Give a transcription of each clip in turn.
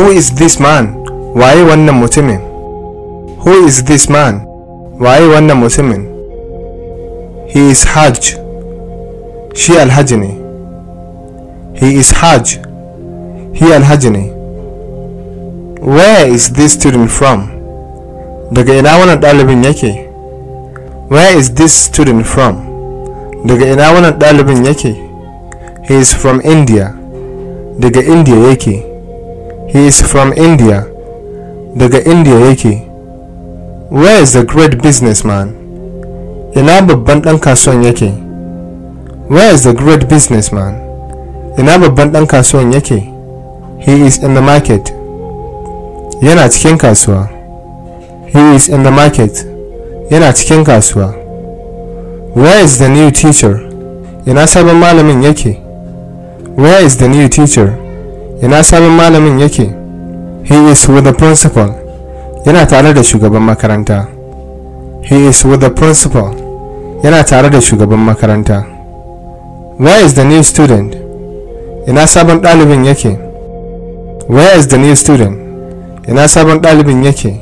Who is this man? Why one na Muslimin? Who is this man? Why one na Muslimin? He is Hajj. She al Hajni. He is Hajj. He al Hajni. Where is this student from? Daga ina wannan ɗalibin yake? Where is this student from? Daga ina wannan ɗalibin yake? He is from India. Daga India yake. He is from India. Daga India yake. Where is the great businessman? Ina babban dan kasuwan yake? Where is the great businessman? Ina babban dan kasuwan yake? He is in the market. Yana cikin kasuwa. He is in the market. Yana cikin kasuwa. Where is the new teacher? Ina sabon malamin yake? Where is the new teacher? ina sabon malamin yake he is with the principal yana tare da shugaban makaranta he is with the principal yana tare da shugaban makaranta where is the new student ina sabon ɗalibin yake where is the new student ina sabon ɗalibin yake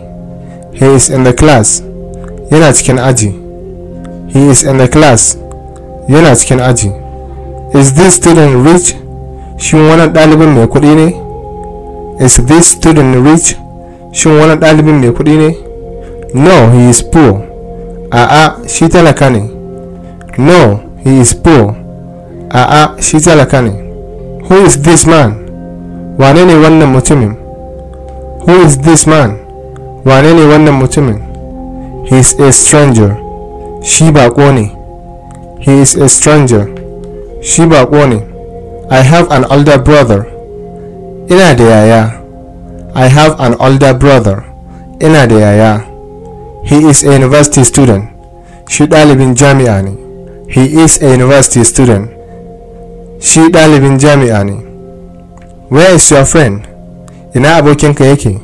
he is in the class yana cikin aji he is in the class yana cikin aji is this student rich shin wannan ɗalibin mai kuɗi ne is this student rich shin wannan ɗalibin mai kuɗi ne no he is poor a'a ah, ah, shi talaka ne no he is poor a'a ah, shi talaka ne who is this man wane ne wannan mutumin who is this man wane ne wannan mutumin he is a stranger shi baƙo ne he is a stranger shi baƙo ne I have an older brother. Ina da yaya. I have an older brother. Ina da yaya. He is a university student. Shi ɗalibin jami'a ne. He is a university student. Shi ɗalibin jami'a ne. Where is your friend? Ina abokinka yake?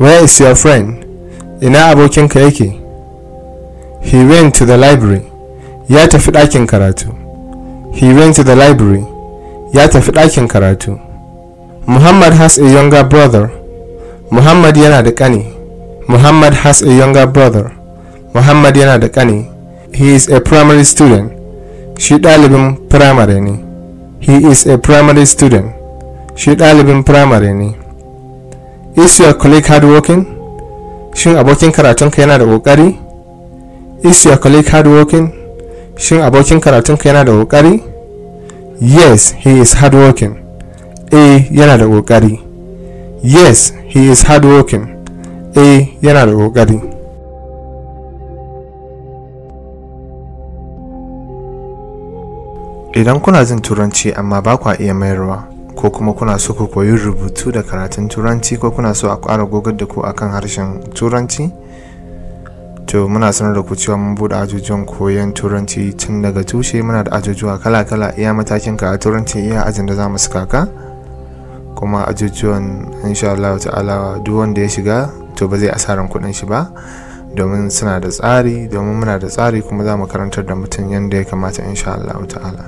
Where is your friend? Ina abokinka yake? He went to the library. Ya tafi ɗakin karatu. He went to the library. ya tafi ɗakin karatu muhammad has a younger brother muhammad yana da ƙani muhammad has a younger brother muhammad yana da ƙani he is a primary student shi ɗalibin primary ne he is a primary student shi ɗalibin primary ne is your colleague hardworking shin abokin karatunka yana da ƙoƙari is your colleague hardworking shin abokin karatunka yana da ƙoƙari yes he is hardworking a yana da ƙoƙari yes he is hardworking a yana da kokari idan kuna jin turanci amma ba kwa iya mayarwa ko kuma kuna so ku koyi rubutu da karatun turanci ko kuna so a ƙara gogar da ku akan harshen turanci to muna sanar da ku cewa mun buɗe ajujuwan koyan turanci tun daga tushe muna da ajujuwa kala-kala iya matakin ka a turanci iya ajin da za mu saka ka kuma ajujuwan insha Allah ta'ala duk wanda ya shiga to ba zai asaran kuɗin shi ba domin suna da tsari domin muna da tsari kuma za mu karantar da mutum yadda ya kamata insha Allah ta'ala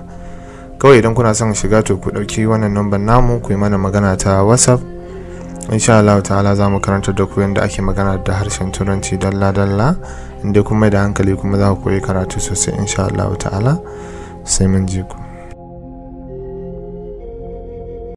kawai idan kuna son shiga to ku ɗauki wannan number namu ku yi mana magana ta whatsapp insha Allah ta'ala za mu karanta da ku ake magana da harshen turanci dalla dalla inda kuma da hankali kuma za ku koyi karatu sosai insha Allah ta'ala sai mun ji ku